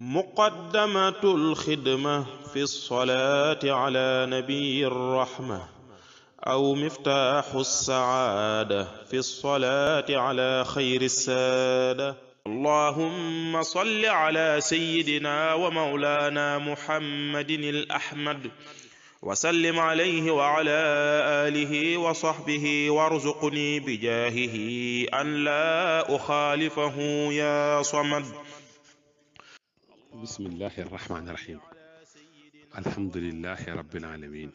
muqaddamatul xidma fi salaati ala nabiy rahma aw miftaaxu saada fi salaati ala xayri saada allahumma salli ala sayyidina wa mawlaana muhammadin al ahmad wa sallim alayhi wa ala alihi wa sahbihi warzuqni bijaahihi an laa uxaalifahu ya samad bismillahi irrahmaani irrahim alhamdulilahi rabilalamin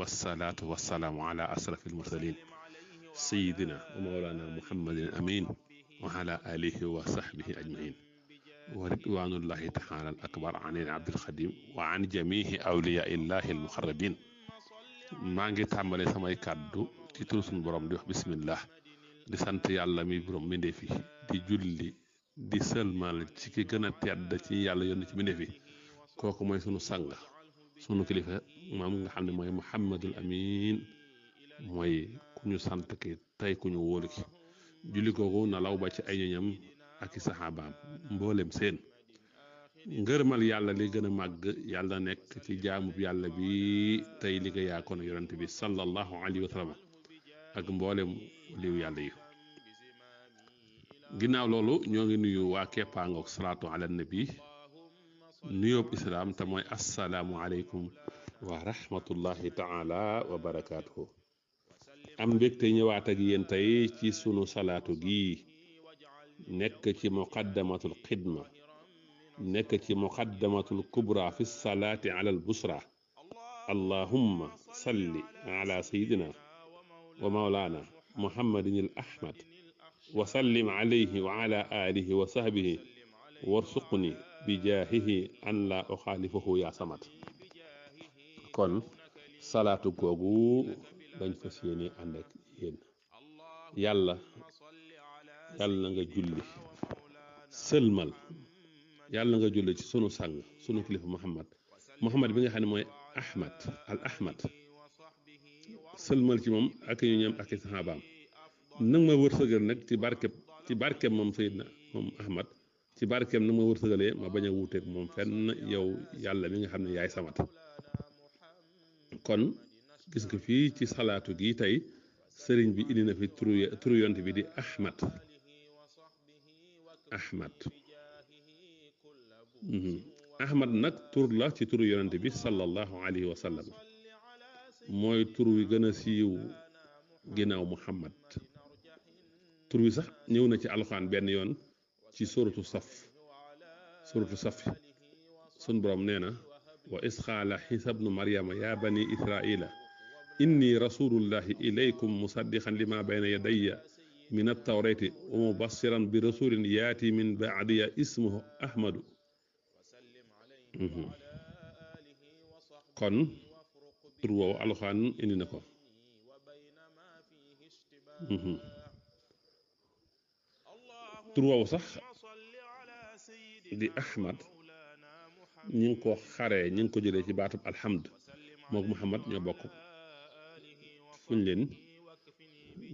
wasalaatu wasalaamu ala asrafi almursalin sayidina wa mawlana muhammadin amin wa ala alihi wa sahbihi ajmain wa ridwanullahi taala al akbar anin abdulxadim wa an jamihi awliyaillahi almuqarrabin maa ngi tàmbale samay kàddu ci tur suñu borom di wax bismillah di sant yàlla mi borom mi ndefi di julli di sëlmal ci ki gën a tedd ci yàlla yónni ci bindéef yi kooku mooy sunu sang sunu kilifa maam nga xam ne mooy Muhammadul Amin mooy ku ñu sant ki tey ku ñu wóolu ki julli googu na ba ci ay ñoñam ak i saxaabaam mbooleem seen ngërmal yàlla li gën a màgg yàlla nekk ci jaamub yàlla bi tey liggéeyaa kon yonent bi sallallahu alayhi wa sallam ak mboolem liw yàlla yi ginnaaw loolu ñoo ngi nuyu waa keppaangook salaatu ala nabi nuyoob islaam te mooy assalaamu aleykum wa rahmatullahi wa barakaatuhu am mbégte ñëwaat ak yéen tey ci sunu salaatu gi nekk ci muqaddamatul xidma nekk ci muqaddamatul kubra fi salaati ala al busra allahumma salli wa maulana muhammadin al وسلم عليه وعلى آله وصحبه وارزقني بجاهه أن لا أخالفه يا صمد kon salaatu googu dañ fas yéene ànd ak yéen yàlla yàlla na nga julli sëlmal yàlla nga julli ci sunu sang sunu kilifa Muhammad Muhammad bi nga xam ne mooy Ahmad al Ahmad sëlmal ci moom ak nag ma wërsëgal nag ci barkeb ci barkeb moom Seydina moom Ahmad ci barkeem nag ma wërsëgalee ma bañ a wuuteeg moom fenn yow yàlla mi nga xam ne yaay samat kon gis nga fii ci salaatu gi tey sëriñ bi indi na fi turu turu bi di Ahmad Ahmad mhm. Ahmad nag tur la ci turu yonent bi sallallahu alayhi wa sallam mooy tur wi gën a siiw ginnaaw Muhammad tur wi sax ci alxuraan benn yoon ci suratu saf sun borom nee na wa isxaala xiisa bnu maryama yaa bani inni rasulullahi ilaykum musaddiqan lima bayna yadayya min attawrati wa mubassiran bi rasulin yaati min baadiya ismuhu ahmadu mhm. kon tur woowu alxuraan indi na ko mhm. tur woowu sax di ahmad ñi ngi ko xaree ñi ko jëlee ci baatub alhamd mook muhammad ñoo bokk fuñ leen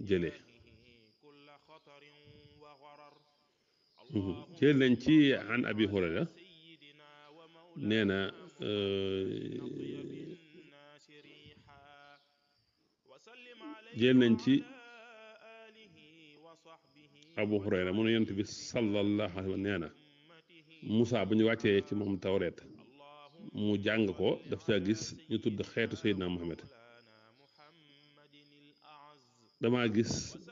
jëlee mhm. jël nañ ci an abi hurayra nee na euh, jël nañ Abu Hurayra mu ne yonent bi sallallahu alayhi wa nee na Moussa bu ñu wàccee ci moom tawreet mu jàng ko daf caa gis ñu tudd xeetu Seydina Muhammad damaa gis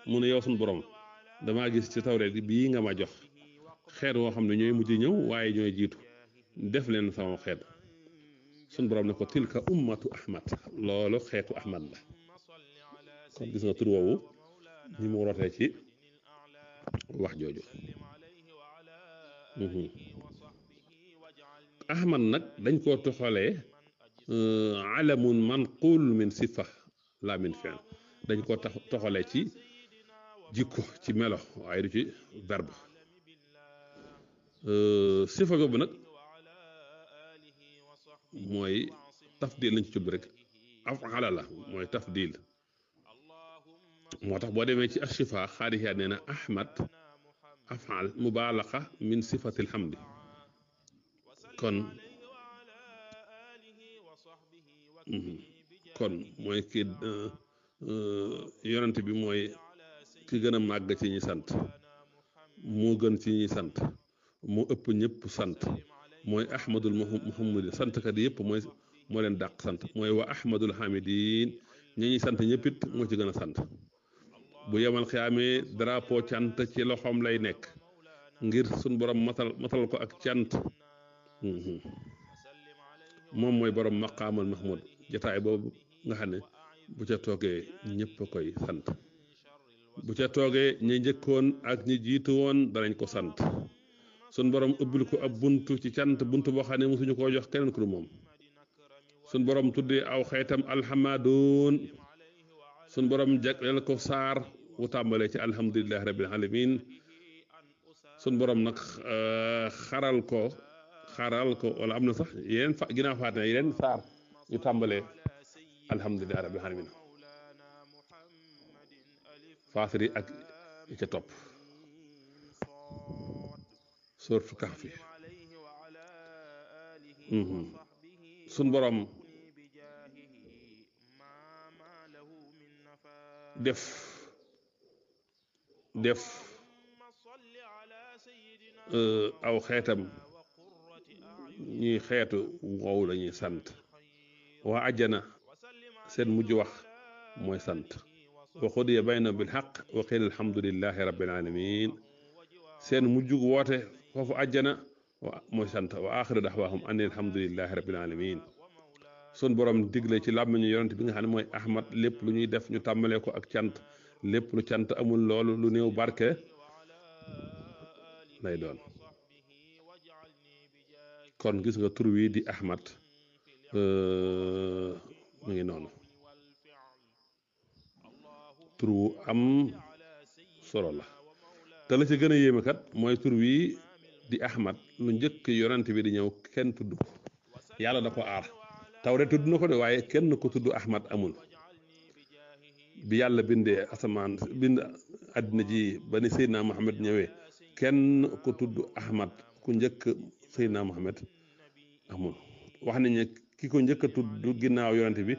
mu ne yow suñu borom damaa gis ci tawreet bii nga ma jox xeet woo xam ne ñooy mujj ñëw waaye ñooy jiitu def leen sama xeet suñu borom ne ko tilka ummatu ahmad loolu xeetu ahmad la kon gis nga tur woowu ñi mu rotee ci wax jooju mhm. ahmad nag dañ koo toxalee euh, alamun manqul min sifa la min fi'l dañ koo tax toxalee ci jikko ci melo waaye du ci verbe euh, sifa boobu nag mooy tafdil lañ ci tudd rek afala la mooy tafdil moo tax boo demee ci ashifa xaadisiyaat nee na ahmad afaal mubaalaqa min sifati alhamdi kon mhm, kon mooy ki euh, euh, yonent bi mooy ki gën a màgg ci ñi sant moo gën ci ñi sant moo ëpp ñëpp sant mooy ahmadul muhammadi sant kat yëpp mooy moo leen dàq sant mooy wa ahmadul hamidin ñi ñi sant ñëpp moo ci gën a sant bu yemal xiyaamee drapeau cant ci loxoom lay nekk ngir sun borom matal matal ko ak cant mhm. moom mooy borom maqaamal mahmud jataay boobu nga xam ne bu ca toogee ñëpp koy sant bu ca toogee ñi njëkkoon ak ñi jiitu woon danañ ko sant sun borom ubbil ko ab bunt ci cant bunt boo xam ne mosuñu koo jox keneen ku moom sun borom tuddee aw xeetam alhamadun sun borom jagleel ko saar wu tàmbalee ci alhamdulilahi rabbil alamin sun borom nag euh, xaral ko xaral ko wala am na sax yeneen fa ginnaaw faatna yeneen saar yu tàmbalee alhamdulilahi rabbil alamin faasiri ak ca topp surtu kahfi mhm. sun borom def def euh, aw xeetam ñuy xeetu wow la ñuy sant waa àjjana seen mujj wax mooy sant wa xudiya bayna bil xaq wa qiila alhamdulillahi rabbil alamin seen mujjug woote foofu àjjana mooy sant wa axiru daxwaahum an alhamdulillahi rabbil alamin sun borom digle ci làmmiñu yonent bi nga xam ne mooy ahmad lépp lu ñuy def ñu tàmbalee ko ak cant lépp lu cant amul loolu lu néew barke lay doon kon gis nga tur wi di Ahmad euh, mu ngi noonu tur am solo la te la ci gën a yéeme kat mooy tur wii di Ahmad lu njëkk yonent bi di ñëw kenn tudd ko yàlla da ko aar taw rek tudd na ko de waaye kenn ko tudd Ahmad amul. bi yàlla bindee asamaan bind àddina ji ba ni Seydina Mohamed ñëwee kenn ko tudd Ahmad ku njëkk Seydina Mohamed amul wax nañu ki ko njëkk a tudd ginnaaw yonante bi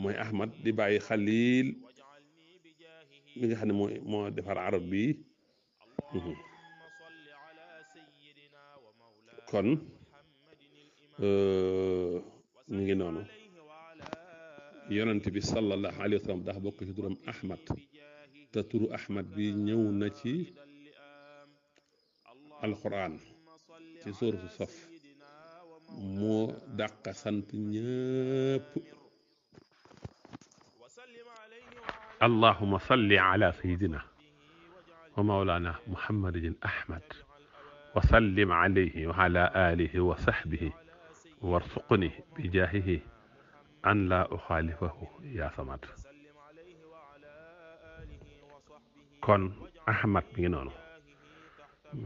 mooy Ahmad di bàyyi Xaliil mi nga xam ne mooy moo defar arab bi mhm. kon euh, mi ngi noonu. yonent bi sallallahu alayhi wa sallam ndax bokk ci turam ahmad te turu ahmad bi ñëw na ci alquran ci sóoratu saf moo dàq sant ñëpp allahuma salli ala sayidina wa maulana muhammadin ahmad wa sallim alayhi wa ala alihi wa sahbihi warsuqni bi jaahihi an laa uxaalifahu yaa kon ahmad mi ngi noonu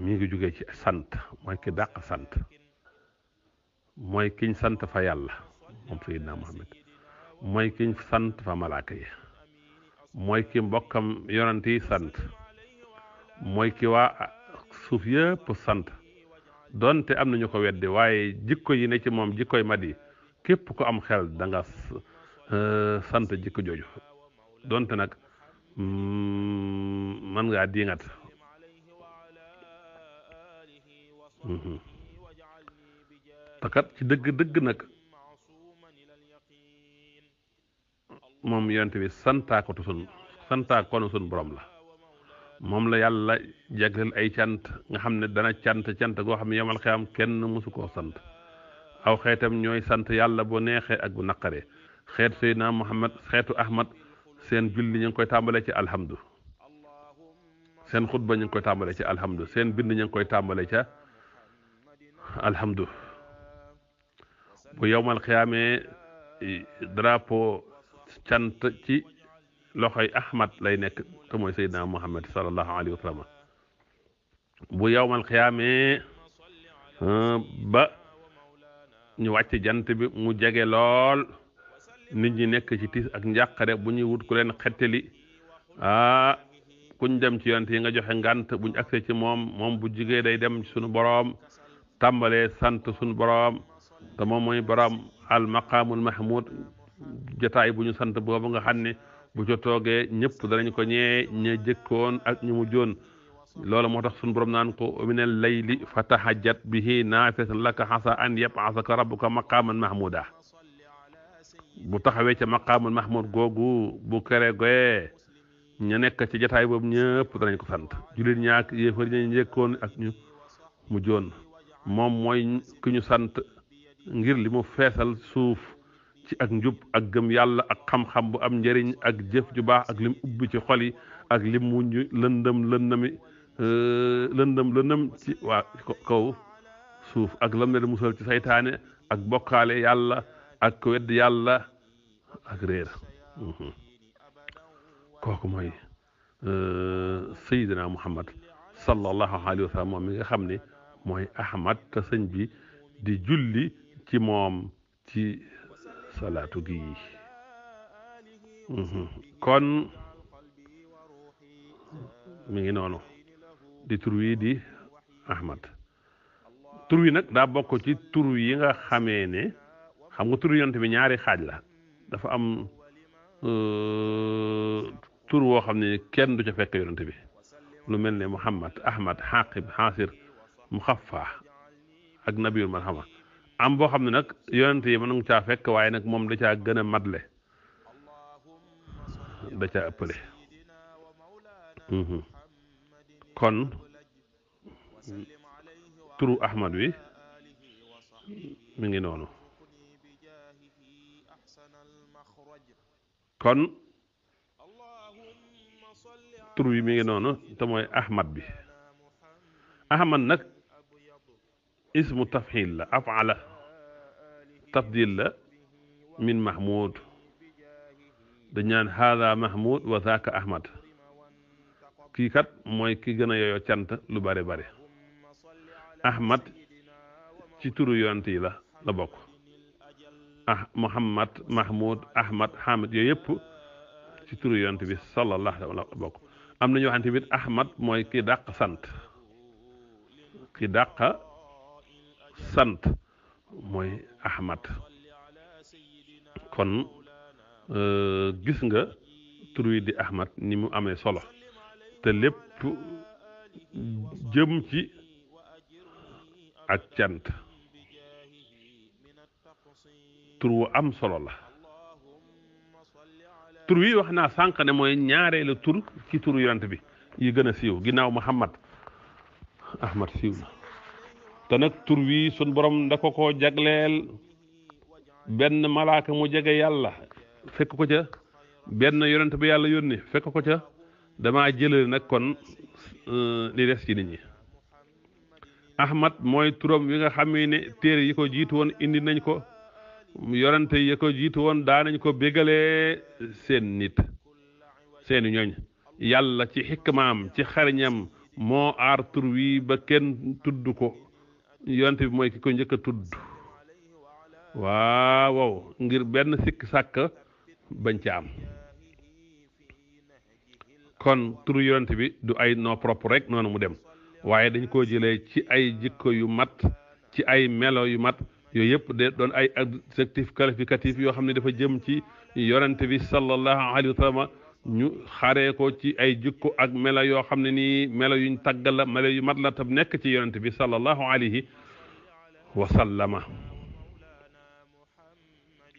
mi ngi jóge ci sant mooy ki dàq sant mooy kiñ sant fa yàlla moom sayidna muhammad mooy kiñ sant fa malaaka yi mooy ki mbokkam yonent sant mooy ki waa suuf yëpp sant doonte am na ñu ko weddi waaye jikko yi ne ci moom jikkoy mat yi képp ku am xel da nga euh, sant jooju donte nag man mm, ngaa diingat mhm. takat ci dëgg dëgg nag moom yonent bi santaakatu sun santaakoonu sun borom la moom la yàlla jagleel ay cant nga xam ne dana cant cant goo xam ne yomal xiyam kenn mësu koo sant aw xeetam ñooy sant yàlla bu neexee ak bu naqaree xeet Seydina Muhammad xeetu Ahmad seen julli ñu ngi koy tàmbalee ci alhamdu seen xutba ñu ngi koy tàmbalee ci alhamdu seen bind ñu koy tàmbalee ca alhamdu bu yowmal xiyaamee drapeau sant ci loxoy Ahmad lay nekk te mooy Seydina Muhammad sallallahu alayhi bu yowmal xiyaamee ba. ñu wàcc jant bi mu jege lool nit ñi nekk ci tiis ak njàqare bu ñuy wut ku leen xettali ah kuñ dem ci yonent yi nga joxe ngant buñ agsee ci moom moom bu jigee day dem suñu boroom tàmbalee sant suñu borom te moom mooy boroom al maqaamul mahmud jotaay bu ñu sant boobu nga xam ne bu co toogee ñëpp danañ ko ñee ña jëkkoon ak ñu joon loola moo tax sunu borom naan ko minal layli fatahajjat bihi naafilatan laka xasa an yab'asaka rabbuka maqaaman mahmuuda bu taxawee ca maqaaman mahmuud googu bu kere goyee ña nekk ci jataay boobu ñëpp danañ ko sant jullit ñaak yéefar ña ak ñu mujjoon moom mooy ki ñu sant ngir limu feesal suuf ci ak njub ak gëm yàlla ak xam-xam bu am njëriñ ak jëf ju baax ak lim ubbi ci xol yi ak lim wuñu lëndëm lëndëmi Euh, lëndëm lëndëm ci waa kaw suuf ak lam leen musal ci saytaane ak bokkaale yàlla ak wedd yàlla ak réer mhm. kooku mooy euh, sayidina muhammad sallallahu alayhi wa moom mi nga xam ne mooy ahmad te sëñ bi di julli ci moom ci salaatu gi mhm. kon mi ngi noonu di tur wi di ahmad tur nag daa bokk ci tur yi nga xamee ne xam nga tur yonent bi ñaari xaaj la dafa am euh, tur woo xam ne kenn du ca fekk yonent bi lu mel ne muhammad ahmad mu xaasir muxaffa ak nabiyul marhama am boo xam ne nag yonent yi mën nga caa fekk waaye nag moom da caa gën a matle da ca ëppale mhm. kon turu ahmad wi mi ngi noonu kon tur wi mi ngi noonu te mooy ahmad bi ahmad nag ismu tafxiil la afala tafdil la min mahmud dañ naan hada mahmud wa zaaka ahmad kii kat mooy ki gën a cant lu bari bari ahmad ci turu yonent yi la la bokk ah, muhammad mahmud ahmad hamid yooyu yëpp ci turu yonent bi sallallahu bokk am nañu waxante tamit ahmad mooy ki dàq sant ki dàq sant mooy ahmad kon euh, gis nga tur wi di ahmad ni mu amee solo te lépp jëm ci ak cant tur wu am solo la tur wi wax naa sànq ne mooy ñaareelu tur ci tur yonent bi yi gën a siiw ginnaaw Muhammad Ahmad siiw na te tur wi sun borom nda ko ko jagleel benn malaaka mu jege yàlla fekk ko ca benn yonent bi yàlla yónni fekk ko ca dama jëlale nag kon euh, li des ci nit ñi ahmad mooy turam wi nga xam ne téere yi ko jiitu woon indi nañ ko yorante yi ko jiitu woon daa nañ ko bégalee seen nit seeni ñooñ yàlla ci xikmaam ci xariñam moo aar tur wi ba kenn tudd ko yorante bi mooy ki ko njëkk a tudd waaw ngir benn sikk sàkk bañ ca am kon turu yonent bi du ay noo rek noonu mu dem waaye dañ ko jëlee ci ay jikko yu mat ci ay melo yu mat yooyu yëpp de doon ay adjectif qualificatif yoo xam ne dafa jëm ci yonent bi sallallahu alayhi wa sallam ñu xaree ko ci ay jikko ak melo yoo xam ne nii melo yuñ tàggal melo yu mat la tam nekk ci yonent bi sallallahu alayhi wa sallama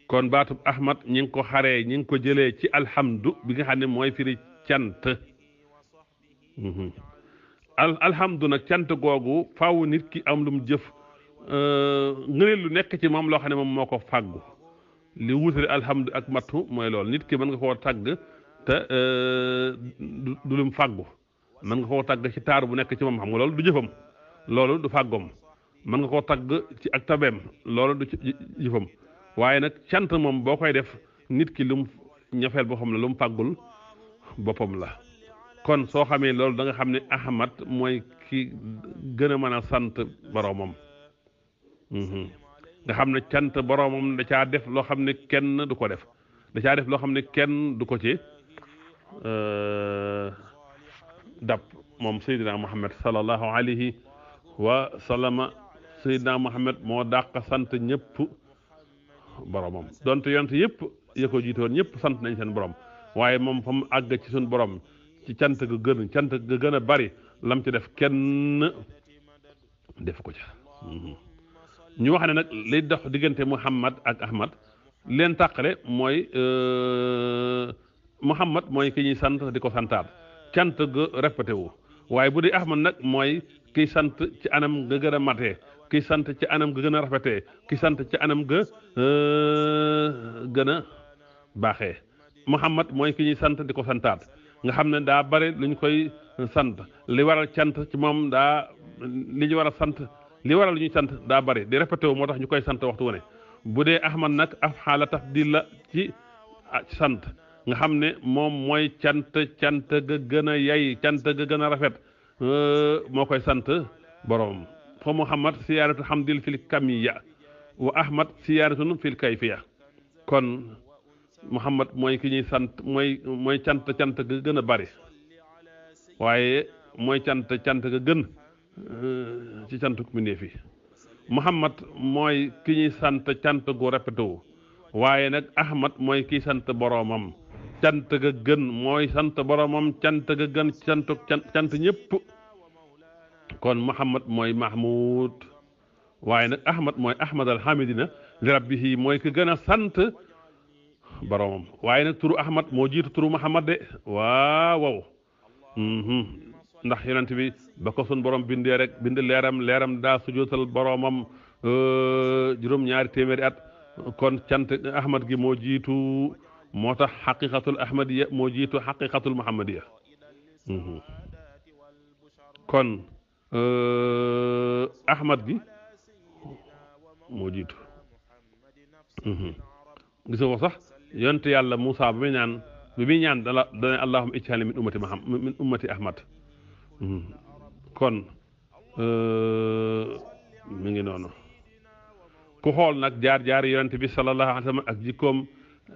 kon baatub ahmad ñi ngi ko xare ñi ngi ko jëlee ci alhamdu bi nga xam ne mooy firi cant mhm. al nag cant googu faaw nit ki am lu mu jëf euh, ngëneel lu nekk ci moom loo xam ne moom moo ko fàggu li wutale alhamdu ak mattu mooy loolu nit ki mën nga koo tagg te euh, du lu mu mën nga koo tàgg ci taar bu nekk ci moom xam nga loolu du jëfam loolu du fàggoom mën nga koo tàgg ci ak tabeem loolu du ci jëfam waaye nag cant moom boo koy def nit ki lu ñafeel boo xam ne lu mu fàggul boppam la kon soo xamee loolu danga xam ne Ahmad mooy ki gën a mën a sant boroomam mhm. nga xam ne cant boroomam da caa def loo xam ne kenn du ko def da caa def loo xam ne kenn du ko ci euh, dap moom Seydina Muhammad sallallahu alayhi wa sallama Seydina Muhammad moo dàq sant ñëpp boroomam donte yonent yëpp ya ko jiitoon ñëpp sant nañ seen borom waaye moom fa mu àgg ci suñu borom ci cant ga gën cant ga gën a bari lam ci def kenn def ko ca mm-hmm. ñu wax ne nag liy dox diggante Muhammad ak Ahmad leen tàqale mooy euh, Muhammad mooy ki ñuy sant di ko santaat cant ga répété wu waaye bu dee Ahmad nag mooy kii sant ci anam ga gën a matee kii sant ci anam ga gën a rafetee kii sant ci anam ga euh, gën a baaxee Muhammad mooy ki ñuy sant di ko santaat nga xam ne daa bari lu koy sant li waral cant ci moom daa li ñu war a sant li waral lu ñuy sant daa bari di répété wu moo tax ñu koy sant waxtu wu bu dee Ahmad nag af xaala taf di la ah, ci sant nga xam ne moom mooy cant cant ga gën a yay cant ga gën a rafet moo koy sant boroom fa Muhammad siyaaratu xamdil fil kamiya wa Ahmad siyaaratun fil kayfiya kon Muhammad mooy ki ñuy sant mooy mooy cant cant ga gën a bari waaye mooy cant cant ga gën euh, ci cantuk mbindéef yi Muhammad mooy ki ñuy sant cant gu répété waaye nag Ahmad mooy kiy sant boroomam cant ga gën mooy sant boroomam cant ga gën cant ñëpp kon Muhammad mooy Mahmoud waaye nag Ahmad mooy Ahmad alhamidina li rabbihi mooy ki gën a sant boromam waaye nag turu ahmad moo jiitu turu muhammad de waaw waaw mhm. ndax yonent bi ba ko sun borom bindee rek bind leeram leeram daa sujootal boromam euh, juróom ñaari téeméeri at kon cant ahmad gi moo jiitu moo tax xaqiqatul ahmadiya moo jiitu xaqiqatul muhammadiya mhm. kon euh, ahmad gi moo jiitu mhm. gisoo ko sax yonent yàlla Moussa bu mu ñaan bu muy ñaan dala dana allahuma ij'alni min ummati Muhammad min ummati Ahmad hmm. kon euh, mi ngi noonu ku xool nag jaar-jaar yonent bi sallallahu alayhi wa ak jikkoom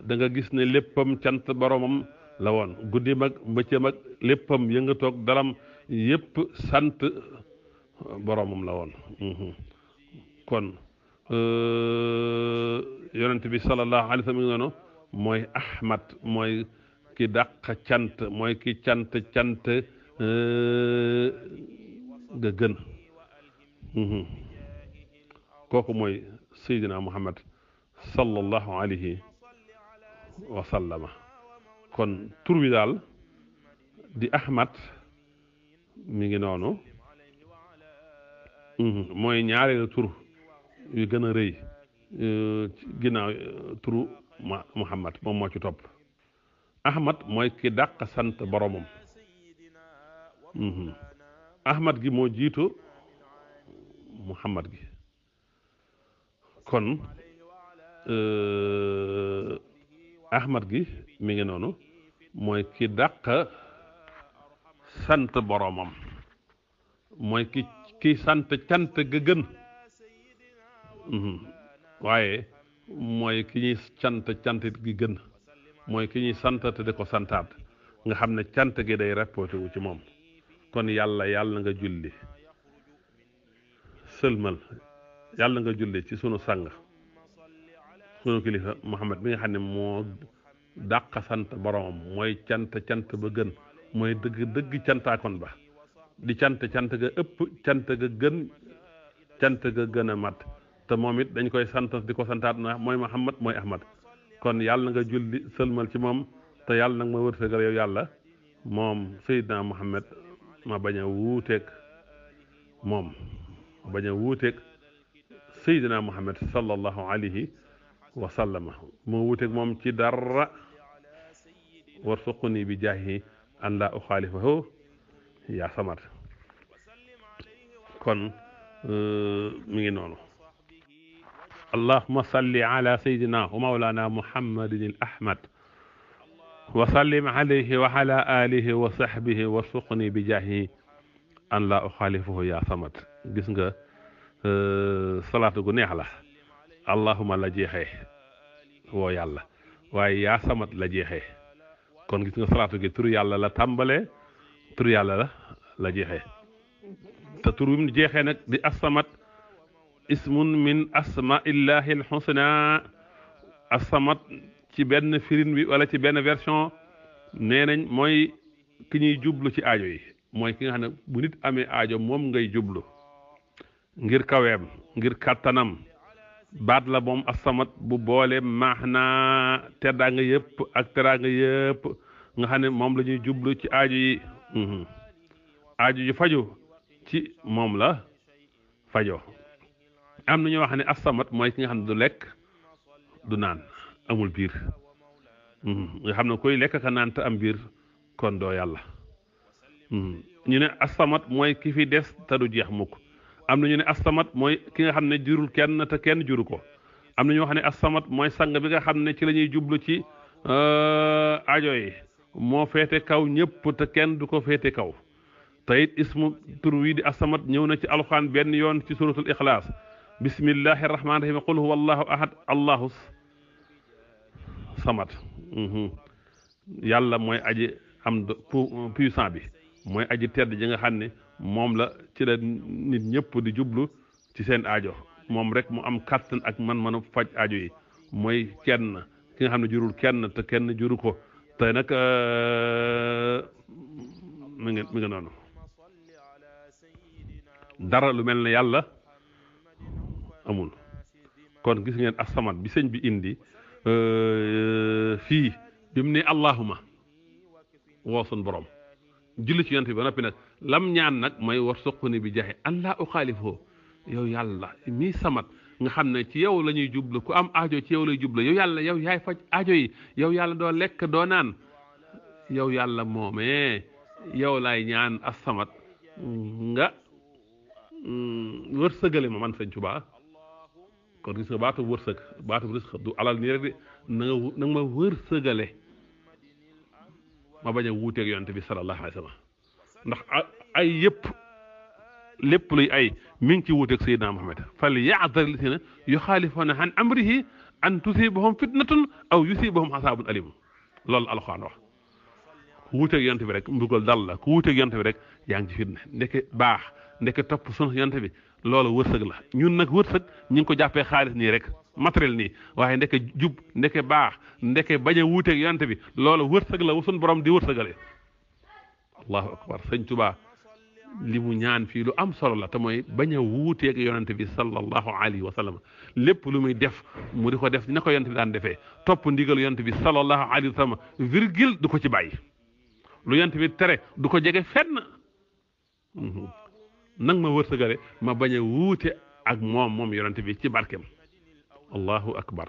danga gis ne léppam cant boromam la woon guddi mag mbëccëm ak léppam yëngatoog dalam yépp sant boromam la woon hmm. kon euh, yonent bi sallallahu alayhi wa sallam mi ngi noonu mooy ahmad mooy ki daq cant mooy ki cant cant euh, nga gën mhm. kooku mooy seydina muhammad sallallahu alayhi wa sallama kon tur wi daal di ahmad mi ngi noonu mhm. mooy ñaareelu tur yu gën a rëy euh, ginnaaw euh, turu ma Muhammad moom moo ci topp Ahmad mooy ki daq sant boromam mhm. Ahmad gi moo jiitu Muhammad gi kon euh, Ahmad gi mi ngi noonu mooy ki daq sant boromam mooy ki ki sant cant ga gën mhm. waaye mooy ki ñuy cant cantit gi gën mooy ki ñuy santate di ko santaat nga xam ne cant gi day rapporté wu ci moom kon yàlla yàlla nga julli sëlmal yàlla nga julli ci sunu sang sunu kilifa Muhammad bi nga xam ne moo dàq sant boromam mooy cant cant ba gën mooy dëgg dëgg cantaakoon ba di cant cant ga ëpp cant ga gën cant ga gën mat te moom it dañ koy sant di ko santaat na mooy Muhammad mooy Ahmad kon yàlla nga julli sëlmal ci moom te yàlla nag ma wërsëgal yow yàlla moom Seydina Muhammad ma bañ a wuuteeg moom ma bañ a wuuteeg Seydina Muhammad sallallahu alayhi wa moo wuuteeg moom ci dara warsuquni bi jaahi an laa uxaalifahu yaa samat kon euh, mi ngi noonu allahuma salli ala sayyidina wa mawlana muhammadin al ahmad wa sallim alayhi wa ala alihi wa sahbihi wa suqni bi jaahi an la uxaalifahu yaa samad gis nga euh, salaatu gu neex la allahuma la jeexee woo yàlla waaye yaa samad la jeexee kon gis nga salaatu gi tur yàlla la tàmbalee tur yàlla la la jeexee te tur bi mu jeexee nag di as samad ismun min asmaillahi alxusna asamat ci benn firin bi wala ci benn version nee nañ mooy ki ñuy jublu ci aajo yi mooy ki nga xam bu nit amee aajo moom ngay jublu ngir kaweem ngir kàttanam baat la moom asamat bu boole maax naa teddaanga yëpp ak teraanga nga xam moom la ñuy jublu ci aajo yi mhm. aajo yu faju ci moom la fajo am na ñoo wax ne as-samat mooy ki nga xam ne du lekk naan amul biir mm-hmm. nga koy lekk am biir kon doo yàlla mm-hmm. ñu ne as-samat mooy ki fi des te du jeex mukk am na ne as-samat mooy ki nga xam ne jurul kenn te kenn juru ko am na ñoo xam ne as-samat mooy sang bi nga xam ne ci lañuy jublu ci euh, ajo yi moo féete kaw ñëpp te kenn du ko féete kaw te it ismu tur wi di as-samat ñëw na ci alxuraan benn yoon ci suratul ixlaas bismillahi rahmaani rahiim qul huwa allahu ahad allahu samad mhm. yàlla mooy aji am puissant bi mooy aji tedd ji nga xam ne moom la ci la nit ñëpp di jublu ci seen ajo moom rek mu am kàttan ak man-manu faj ajo yi mooy kenn ki nga xam ne jurul kenn te kenn juru ko te nag euh, mi ngi mi ngi noonu dara lu mel ne yàlla amul kon gis ngeen asamat bi sëñ bi indi euh, fii bi mu ne allahuma woo sun borom julli ci yonent fi ba noppi nag lam ñaan nag mooy war suquni bi jaxe allah uxaalifoo yow yàlla mii samat nga xam ne ci yow lañuy ñuy jublu ku am aajo ci yow lay jublu yow yàlla yow yaay faj aajo yi yow yàlla doo lekk doo naan yow yàlla moomee yow lay ñaan asamat nga mm, wërsëgale ma man sëñ Tuubaa kon gis nga baatu wërsëg baatu risq du alal nii rek de na ma wërsëgale ma bañ a yonte bi sallallahu alayhi ndax ay yëpp lépp luy ay mi ngi ci wuuteeg sayyidina Muhammad fal yu alladina yuxaalifuuna an amrihi an tusibahum fitnatun aw yusibahum asaabun alim loolu la alxuraan ku wuuteeg yonte bi rek mbugal dal la ku wuuteeg yonte bi rek yaa ngi ci fitna ndeke baax ndeke topp sunu yonte bi loolu wërsëg la ñun nag wërsëg ñu ngi ko jàppee xaalis nii rek matériel nii waaye ndeke jub ndeke baax ndeke bañ a wuuteeg yonent bi loolu wërsëg la wusun boroom di wërsëgale allahu akbar sëñ tubaa li mu ñaan fii lu am solo la te mooy bañ a wuuteeg yonent bi sallallahu alayhi wa sallam lépp lu muy def mu di ko def na ko yonent bi daan defee topp ndigal yonent bi sallallahu alayhi wa sallam virgule du ko ci bàyyi lu yonent bi tere du ko jege fenn mhm. nang ma wërsëgale ma bañ a wuute ak moom moom yonent bi ci barkeem allahu akbar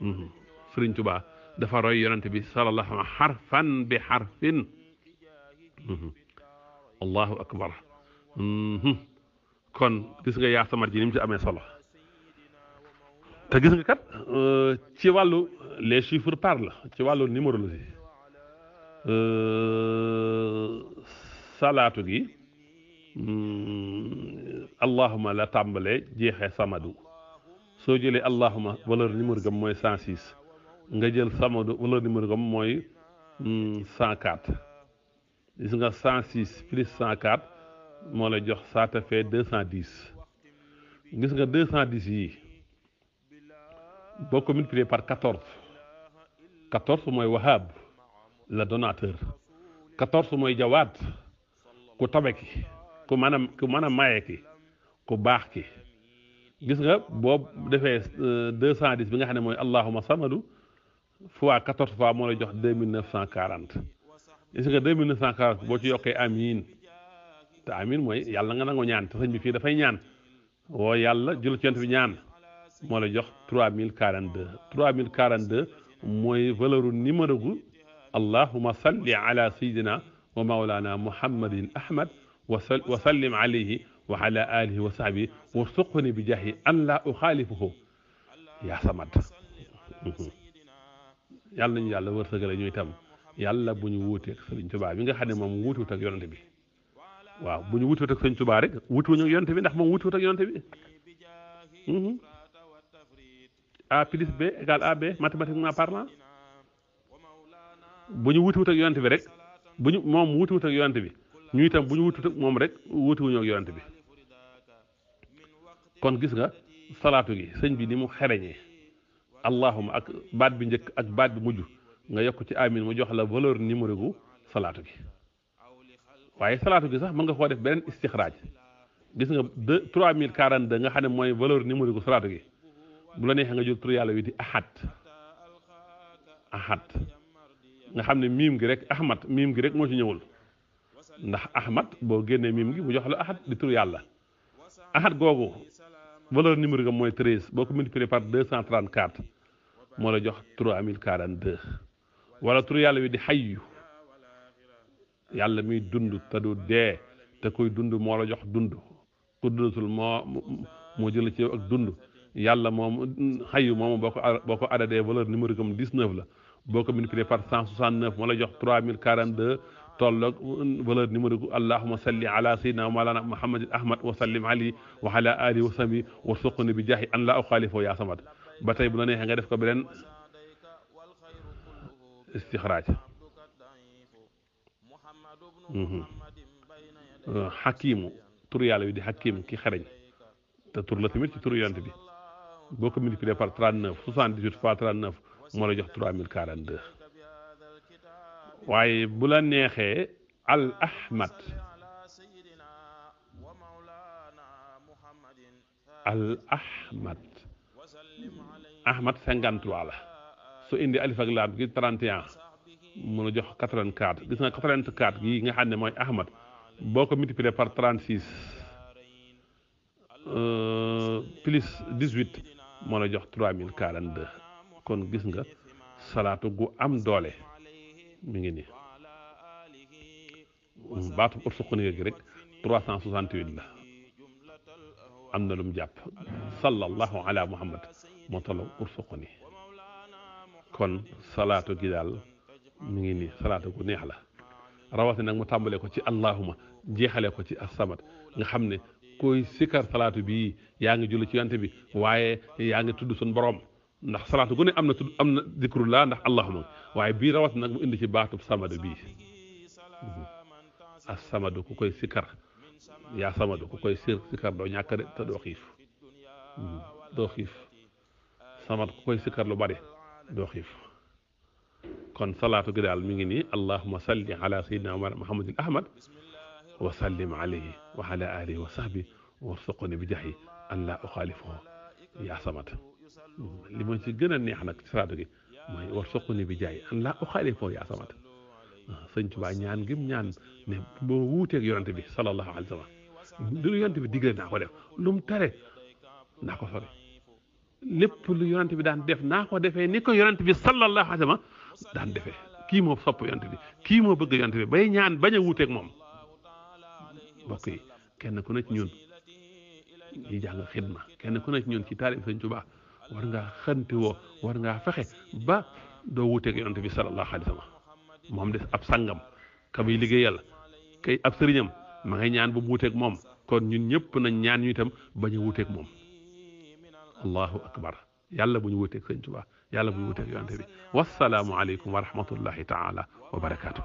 mhm. sëriñ tubaa dafa roy yonent bi sallallahu alayhi xarfan mhm. mhm. gis nga yaa samar ji ci amee solo te gis nga kat euh, ci ci wàllu numérologie euh, salaatu gi Hmm, allahuma la tàmbalee jeexee samadu soo jëlee allahuma valeur numéro gam mooy cent six nga jël samadu valeur numéro gam mooy hmm, cent quatre gis nga cent six plus cent quatre moo la jox ça te fait cent dix nga deux cent dix yi boo ko multiplié par quatorze quatorze mooy wahab la donateur quatorze mooy jawaat ku tabe ku mën a ku mën a maye ki ku baax ki gis nga boo defee euh, deux cent dix bi nga xam ne mooy allahuma samadu fois quatorze fois moo lay jox deux mille neuf cent quarante gis nga deux mille boo ci yokkee amiin te amiin mooy yàlla nga nangu ñaan te sëñ bi fii dafay ñaan woo yàlla jula ci yent bi ñaan moo la jox trois mille quarante deux trois mille quarante deux mooy valeur numéro gu allahuma salli ala sayidina wa maulana muhammadin ahmad وسلم عليه وعلى آله وصحبه وارزقني بجاهه أن لا أخالفه يا صمد yàlla nañu yàlla wërsëgale ñu itam yàlla bu ñu wuuteeg sëriñ Tuubaa bi nga xam ne moom wutuwut ak yonante bi waaw bu ñu wutuwut ak sëriñ Tuubaa rek wutuwuñu ak yonante bi ndax moom wutuwut ak yonante bi A plus B égale AB mathématiquement parlant bu ñu wutuwut ak yonante bi rek bu ñu moom wutuwut ak yonante bi. ñu itam bu ñu wutut moom rek wutiwuñu ak yonent bi kon gis nga salaatu gi sëñ bi ni mu xereñee allahuma ak baat bi njëkk ak baat bi mujj nga yokk ci amin mu jox la valeur numéro gu salaatu gi waaye salaatu gi sax mën nga koo def beneen istixraaj gis nga deux trois mille quarante deux nga xam ne mooy valeur numéro gu salaatu gi mu la neexee nga jël tur yàlla wi di ahad ahad nga xam ne miim gi rek ahmad miim gi rek moo ci ñëwul ndax ahmad boo génnee mim gi mu jox la ahad di tur yàlla ahad googu valeur numérique am mooy treize boo ko multiplié par deux cent trente quatre moo la jox trois mille quarante deux wala tur yàlla wi di xayyu yàlla miy dund te du dee te kuy dund moo la jox dund ku dundatul moo moo jëla ci ak dund yàlla moom xayyu moomu boo ko boo ko adadee valeur numérique am dix neuf la boo ko multiplié par cent soixante neuf moo la jox trois quarante deux tolloog valeur numérique allahuma salli ala sayyidina mawlana muhammadin ahmad wa sallim ali wa ala alihi wa sahbi wa suqni bi jaahi an la uxaalifoo yaa samad ba tey bu la neexee nga def ko beneen istixraaj xakiimu mhm. tur yàlla bi di xakiim ki xereñ te tur la tamit ci tur yonent bi boo ko multiplié par 39 78 fois 39 moo la jox 3042 waaye bu la neexee al ahmad al ahmad la su indi alif ak gi trente et jox quatre vingt gis nga quatre-vingt-quatre gi nga xam ne mooy ahmad boo ko multiplier par trente-six euh, plus dix-huit jox trois mille quarante kon gis nga salaatu gu am doole mu ngi nii mm, baatu ursuquni gi rek 368 la am na lu mu jàpp sallallahu ala muhammad moo tolloog ursuquni kon salaatu gi daal mu ngi nii salaatu gu neex la rawatina nag mu tàmbalee ko ci allahuma jeexalee ko ci asamat nga xam ne koy sikar salaatu bi yaa ngi julli ci yonte bi waaye yaa ngi tudd sun borom ndax salaatu gu am na tudd am na dikrullaa ndax allahuma waaye bii rawat nag mu indi ci baatub samadu bii mm-hmm. as samadu ku koy sikar yaa samadu ku koy sikar doo ñàkk de te doo xiif mm-hmm. ku koy sikar lu bari doo kon salaatu gi daal mi ngi nii allahuma salli ala ahmad wa sallim alayhi wa ala alihi bi jahi an laa uxaalifahu samad li ma ci gën a neex nag ci salaatu gi mooy war soqani bi jaay an laa uxaale foofu yaa samata sëñ Tuubaa ñaan gim ñaan ne boo wuuteeg yonante bi sallallahu alayhi wa sallam lu yonante bi digle naa ko def lu mu tere naa ko sori lépp lu yonante bi daan def naa ko defee ni ko yonante bi sallallahu alayhi wa sallam daan defe kii moo sopp yonante bi kii moo bëgg yonante bi bay ñaan baña a wuuteeg moom mbokk yi kenn ku ne ci ñun ñi jàng xidma kenn ku ne ci ñun ci taalib sëñ Tuubaa war ngaa xanti woo war ngaa fexe ba doo wuteeg yonent bi sallallahu alayhi wa sallam moom des ab sangam yi liggéey liggéeyal kay ab sëriñam ma ngay ñaan bu mu moom kon ñun ñëpp nañ ñaan ñu itam bañ a wuteeg moom allahu akbar yàlla bu ñu wuteeg sëñ Tuubaa yàlla bu ñu wuteeg yonent bi wasalaamu aleykum wa rahmatullahi taala wa barakaatu.